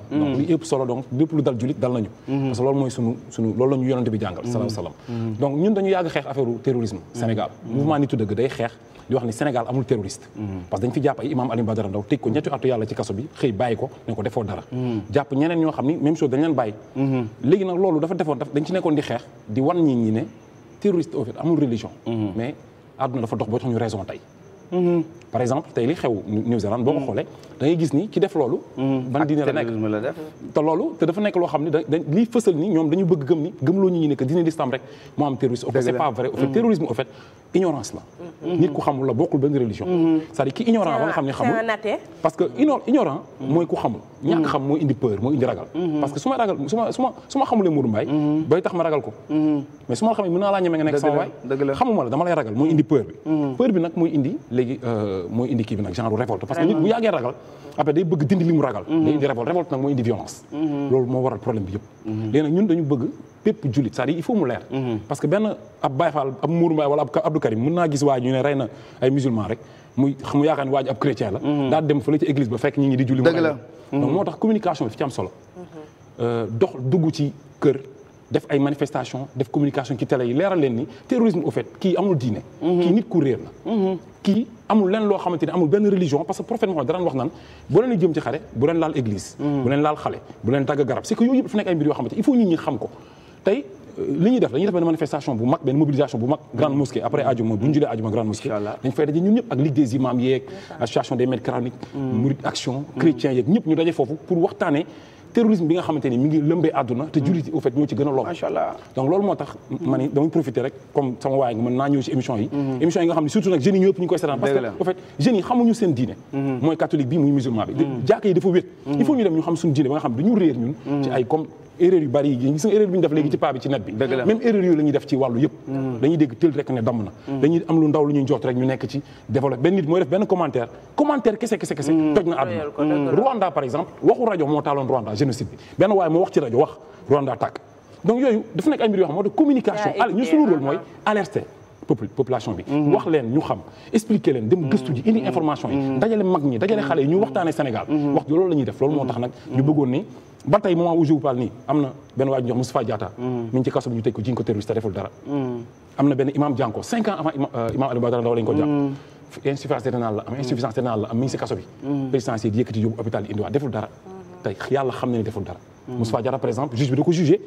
mm-hmm. dañu yàgg xeex affaire terrorisme Sénégal mouvement nitu dëgg day xeex di wax ni Sénégal amul terroriste parce que dañ fi jàpp ay imam Alioune Badara Ndao tëj ko ñetti atu yàlla ci kaso bi ci nekkoon di xeex di wan ñi ñi ne terroriste au fait amul religion mhm. mais àdduna dafa dox boo tax ñu raison tey Mm-hmm. par exemple tey li xew New Zealand boo ko mm-hmm. xoolee da gis ni ki def loolu mm-hmm. ban diine la nekk te loolu te dafa nekk xam ne da liy fësal ñoom dañu bëgg gëm ni gëmloo ñu ñi ne que diine rek moo am terrorisme au fait terrorisme au fait ignorance la nit ku xamul la bokkul benn religion cest à ki ignorant ba nga xam ne xamul parce que ignorant mooy ku xamul ñàkk xam mooy indi peur mooy indi ragal parce que su ma xamulee Mourou naa laa ñeme léegi euh, mooy indi kii nag genre révolte parce que nit bu ragal après day bëgg dindi li mu ragal day mhm. indi révolte révolte nag mooy indi violence mhm. loolu moo waral problème bi yëpp mhm. léegi ñun dañu bëgg pépp jullit cest à il faut mu leer parce que benn ab Baye Fall ab Mourou Mbaye wala ab Abdou Karim mën naa gis waa ñu ne rey na ay musulman rek mu yaakaar ne waa ab chrétien la daal dem fële ci église ba fekk ñi ngi di julli donc moo tax communication bi def ay manifestation def communication ci télé yi leeral leen ni terrorisme au fait kii amul diine. Mhm. kii nit ku réer la. Mhm. kii amul lenn loo xamante ni amul benn religion parce que prophète Mohammed daan wax naan bu leen jëm ci xare bu leen laal église. Mhm. bu leen laal xale bu leen dagg garab c'est que yooyu yëpp dafa nekk ay mbir yoo xamante il faut nit ñi xam ko tey. Euh, li ñuy def dañuy def benn manifestation bu mag benn mobilisation bu mag grande mosquée terrorisme bi nga xamante ni mi ngi lëmbee àdduna te jullit au fait ñoo ci gën a lom macha allah donc loolu moo tax ma ni damay rek comme sama waaye nga mën naa ñëw ci émission yi mhm. émission yi nga xam ne surtout nag jeunes yi ñëpp ñu koy seetaan parce que au xamuñu seen diine mhm. mooy catholique bi muy musulman bi mhm. jàkk dafa wét il faut ñu dem ñu xam suñu diine ba nga xam dañu réer ñun ci ay comme erreur yu bari yi gis nga erreur bi ñu def léegi ci paa ci net bi même erreur yooyu la def ci wàllu yëpp mm. dañuy dégg tël rek ne damm na mm. dañuy am lu ndaw lu benn nit mooy def benn commentaire commentaire kese kese mm. toj na àdduna Rwanda par exemple waxu rajo moo taaloon Rwanda génocide bi benn waaye moo wax ci rajo wax Rwanda tàkk donc yooyu dafa nekk ay yoo xam moo tax communication al population bi mm-hmm. wax leen ñu xam expliquer leen dem mm-hmm. gëstu ji indi information yi mm-hmm. dajale mag ñi dajale xale la ñuy def loolu moo tax ba tey moment où je vous parle nii am na benn waa ji ñuy wax Moustapha mm. mi ngi ci kaso bi ñu tëj ko jiñ ko terroriste deful dara. Mm. am na benn imam Dianko cinq ans avant euh, imam Alioune Badara ko jàpp. Mm. insuffisance rénale am insuffisance rénale am mi ngi si kaso bi. président si yëkkati yóbbu hôpital indiwaat deful dara. Mm-hmm. tey yàlla xam na ne deful dara. Moustapha Diatta par exemple juge bi da ko jugé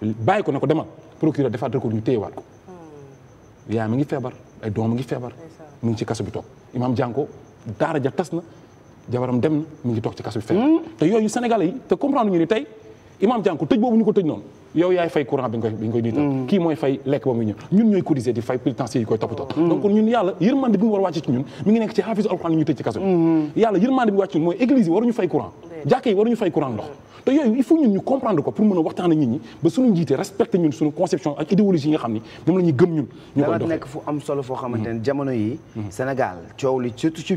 bàyyi ko ne demal procureur defaat recours ko. yaa mi ngi m ngi feebar. mi bi toog imam na. jabaram dem mi ngi toog ci kaso bi fenn hmm. te yooyu sénégalais te comprendre ñu ni tey imam jànku tëj boobu ñu ko tëj noonu yow yaay fay courant bi nga koy bi nga hmm. kii mooy fay lekk ba muy ñëw ñun ñooy cotiser di fay pénitencier yi koy toppatoo hmm. donc ñun yàlla yërmande bi mu war wàcc ci ñun mi ngi nekk ci xaafisu alxuraan yi ñu tëj ci kaso bi yàlla yërmande bi wàcc ñun mooy église yi waruñu fay courant jàkk yi waruñu fay courant ndox te yooyu il faut ñun ñu comprendre ko pour mën a waxtaan ñi ba suñu njiite respecté ñun suñu conception idéologie nga xam ni moom la ñuy gëm ñun ñu koy dox fu am solo foo xamante ne mm-hmm. yi mm-hmm. Sénégal coow li surtout ci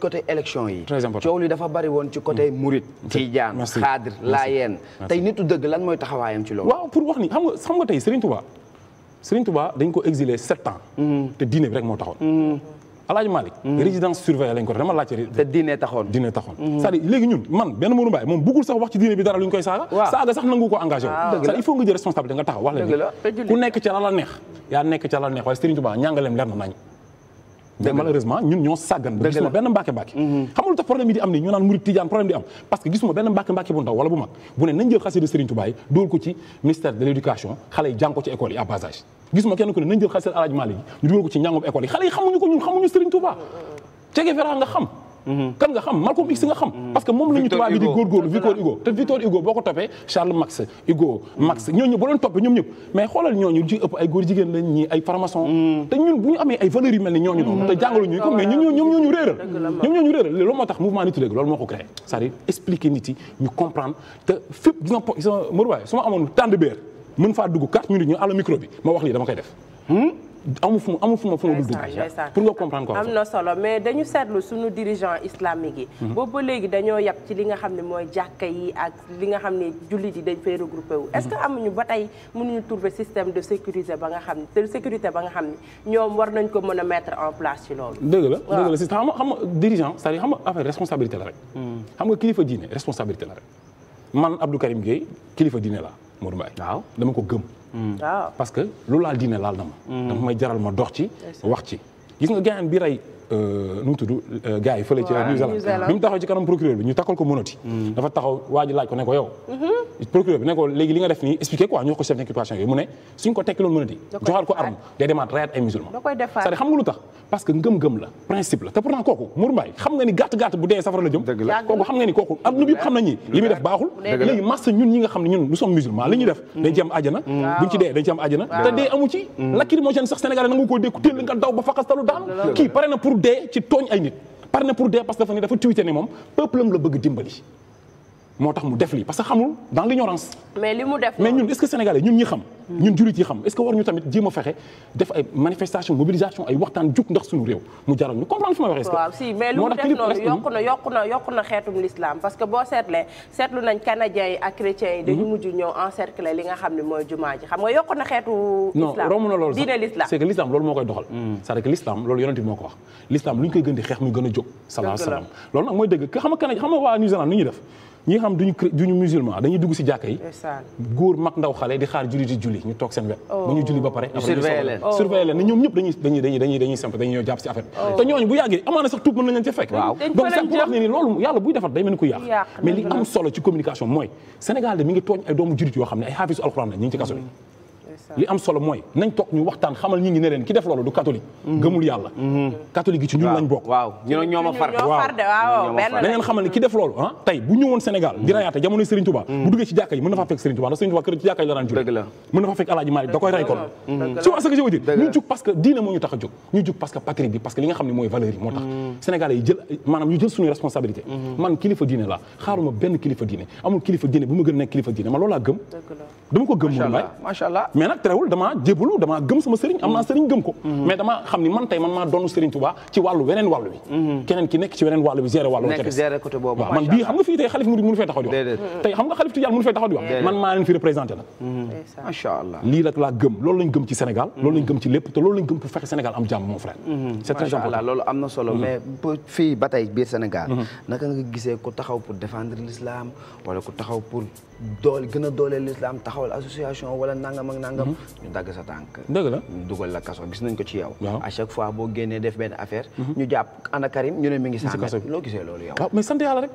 côté élection yi coow li dafa bari woon ci côté murit tijaan xaadir laayeen tey nitu dëgg lan mooy taxawaayam ci loolu waaw pour wax ni xam nga xam tey Serigne Touba Serigne Touba dañ ko exilé sept ans mm-hmm. te diine bi rek moo taxoon Alaaji Malick mhm. résidence a lañ ko dama laajte te diine taxoon diine taxoon c'est-à-dire léegi ñun man benn Mourou Mbaye moom bëggul sax wax ci diine bi dara lu ñu koy saaga sax nangu ko engagé wu ah, il faut nga jël responsabilité nga taxaw wax leen ku nekk ca la la neex yaa nekk ca la neex waaye Serigne Touba ñàngaleem leer na nañ mais malheureusement ñun ñoo sàggan ba gisuma benn mbàkke mbàkke mhm. xam nga problème di am nii ñu naan murid tijaan problème di am parce que gisuma benn mbàkke mbàkke bu ndaw wala bu mag bu ne nañ jël xasida Serigne Touba yi ko ci ministère de l'éducation xale yi jàng ko ci école yi à bas âge kenn ku ne nañ jël xasida Alaaji yi ñu ko ci njàngum école yi xale yi xamuñu ko ñun xamuñu Serigne Touba cegefera nga xam Mm-hmm. kan nga xam Malcolm X nga xam mm-hmm. parce que moom la ñu tubaab bi di góorgóorlu Victor Hugo te Victor Hugo boo ko toppee Charles Max Hugo Max ñooñu boo leen toppee ñoom ñëpp mais xoolal ñooñu ci ëpp ay góor jigéen lañ ñi ay franc-maçon mm-hmm. te ñun bu ñu amee ay valeurs yu mel ni ñooñu noonu te jàngalu ñu ko mais ñoom ñooñu réeral ñoom ñooñu réeral loolu moo tax mouvement nitu dëgg loolu moo ko créé c'est-à-dire expliquer nit yi ñu comprendre te fépp gis nga gis nga Modou Baye su ma amoon tànd beer mën faa dugg 4 minutes ñu àll micro bi ma wax lii dama koy def hmm? amu fu amu fu ma fu ma dul dugg pour nga comprendre ko am na solo mais dañu seetlu suñu dirigeant islamique yi mhm. ba léegi dañoo yàpp ci li nga xam ne mooy jàkka yi ak li nga xam ne jullit yi dañ fay regroupé wu est-ce que mhm. amuñu ba tey mënuñu trouver système de sécurité ba nga xam ne sécurité ba nga xam ne ñoom war nañ ko mën a mettre en place ci loolu dëgg la dëgg la si xam nga xam nga dirigeant xam nga affaire responsabilité la rek hmm. xam nga kilifa diine responsabilité la rek man Abdou Karim Gueye kilifa diine la Modou waaw dama ko gëm Mm. waaw parce que lu laal diine laal na ma. Mm. dafa may jaral ma dox ci wax ci. gis nga gaañaan bi rey Euh, nu mu tudd euh, yi fële la ci am àjjana buñ ci dee dañ ci am àjjana te dee amu ci mm. lacrymogène sax sénégalais nangu koo dékku téel nga daw ba faqastalu daanu kii pare na pour pour dee ci tooñ ay nit pare na pour dee parce que dafa dafa tuité ni moom peuple am la bëgg dimbali moo tax mu def li parce que xamul dans l'ignorance mais li mu def mais ñun est tamit jéem a fexe def ay manifestation mobilisation ay waxtaan jug ndax suñu mu jaral ñu comprendre waxee waaw si mais li mu def que boo seetlee seetlu nañ canadiens yi ak mhm. xam ne loolu diine l'islam c'est que loolu moo koy doxal mm. c'est-à-dire que l'islam loolu yonent bi moo ko wax l'islam lu ñu koy gën di xeex muy gën a jóg salaa salaam loolu nag mooy dëgg xam nga canadien xam nga waa New Zealand lu ñuy def ñi xam duñu duñu musulman dañuy dugg si jàkka yi góor mag ndaw xale di xaar julli di julli ñu toog seen wet oh. ba ñu julli ba pare surveiller leen ne ñoom ñëpp dañuy dañuy dañuy dañuy oh. bu yàggee amaana sax tuub mën nañ leen ca donc sax bu wax ne ni loolu yàlla buy defar day mel ku yàq mais am solo ci communication mooy Sénégal de mi ngi tooñ yoo xam ne ay xaafisu alxuraan la ñi ci kaso li am solo mooy nañ toog ñu waxtaan xamal ñi ngi ne ki def loolu du catholique. Mm-hmm. gëmul yàlla. Mm-hmm. catholique yi ci ñun lañ bokk. waaw ñoo ñoo ma far waaw dañ leen xamal ne ki def loolu ah bu ñëwoon Sénégal mm-hmm. di rayaate jamono Serigne Touba. bu duggee ci jàkka mën na faa fekk Serigne Touba ndax Serigne Touba kër ci jàkka la daan jur. mën na maanaam ñu jël suñu responsabilité man kilifa diine la xaaruma benn kilifa diine amul kilifa diine bu ma gën nekk kilifa mais nag terewul damaa jébalu damaa gëm sama sëriñ am naa sëriñ gëm ko mhm. mais damaa xam ni man tey man maa doonu sëriñ Tuubaa ci wàllu weneen wàllu mhm. keneen ki nekk ci weneen wàllu bi gérer wàllu waaw mhm. te loolu am na solo mais fii ba tey biir Sénégal naka nga gisee ku taxaw pour défendre l'islam wala ku taxaw pour dool gën a dooleel lislaam taxawal association wala nangam ak nangam. Mhm. ñu dagg sa tànk. dëgg la dugal la kaso gis nañ ko ci yow. à chaque fois boo génnee def benn affaire. Mhm. ñu jàpp ana Karim ñu ne mi ngi. si kaso loo gisee loolu yow. waaw mais sant yàlla rek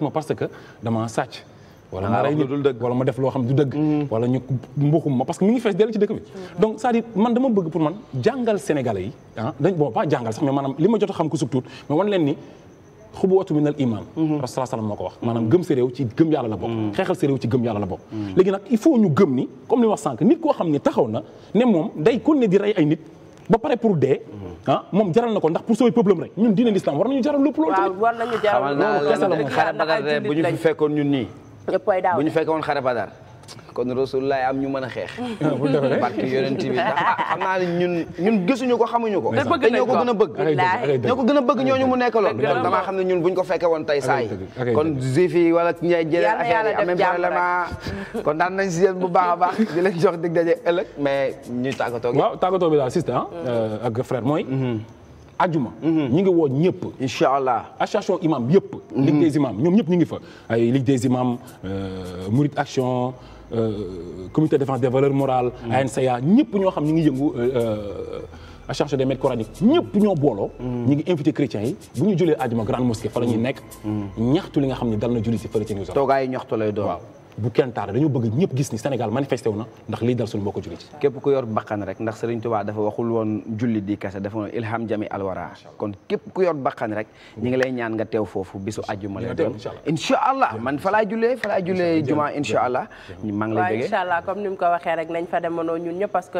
ma parce que dama sàcc. wala ma rey nit wala ma def loo xam du dëgg. Mhm. wala ñu mbuxum parce que mi ngi fees dellu ci dëkk man dama bëgg pour man jàngal sénégalais yi ah dañ bon pas jàngal sax mais maanaam li ma jot xam ku sub tuut mais wan leen ni xubuwatu min al iman mhm. rasul sallam ko wax maanaam gëm sa réew ci gëm yàlla la bokk mhm. xeexal sa ci gëm yàlla la bokk mhm. léegi nag il faut ñu gëm ni comme li wax sànq nit koo xam ne taxaw na ne moom day kon di rey ay nit ba pare pour dee ah moom jaral na ko ndax pour sauver peuple am rek ñun diine l'islam war nañu jaral jaral loolu kese la bu ñu fi fekkoon ñun nii xare badar kon rasulullah am ñu mën a xeex. parce ah, que yonent bi ndax xam naa ne ñun ñun gisuñu ko xamuñu ko. te ñoo ko gën a bëgg. ñoo ko gën a bëgg ñooñu mu nekk lool. kon damaa xam ne ñun buñ ko fekke woon tey saa yi. kon juif yi wala ñay a affaire a amee problème ah. kon daan nañ si yéen bu baax a baax di jox dig daje ëllëg mais ñuy tàggatoo gi. waaw tàggatoo bi daal sister ah, mm-hmm. euh, ak frère mooy. Mm-hmm. ajuma mm-hmm. ñi ngi woo ñëpp incha allah association imam yëpp ligue des imams ñoom ñëpp ñi ngi fa ay ligue des imams euh, Mouride action Euh, comité de défense des valeurs morales. ANCA mm. ñëpp ñoo xam ñu ngi yëngu. Euh, euh, à chercher de maîtres coraniques ñëpp ñoo booloo. Mm. ñu ngi invité chrétiens yi bu ñu jullee àjjuma grande mosquée fa la ñuy mm. nekk. ñaxtu li nga xam ne dal na julli si fële ci New Zealand. toogaay ñaxtu lay doon bu kenn taara dañoo bëgg ñëpp gis ni Sénégal manifesté wu na ndax lii dal suñu mbokk jullit yi képp ku julli di kese dafa woon ilham jami alwara kon képp ku yor bakkan rek ñi ngi lay ñaan nga teew foofu bisu àjjuma lay doon incha allah man fa laay juma incha allah maa ngi lay déggee incha allah comme ni mu ko waxee rek nañ fa demoonoo ñun ñëpp parce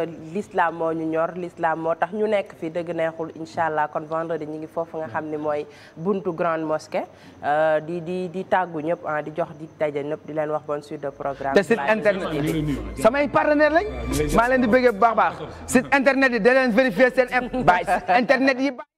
moo ñu ñor l'islam moo tax ñu nekk fi dëgg neexul incha allah kon vendredi ñi ngi foofu nga xam ne mooy buntu grande mosquée euh, di di di ñëpp ah, di jox di daje di leen wax bon reçu a programme. te site internet samay partenaire lañ. maa leen di bëggee baax baax. site internet yi da leen vérifier seen.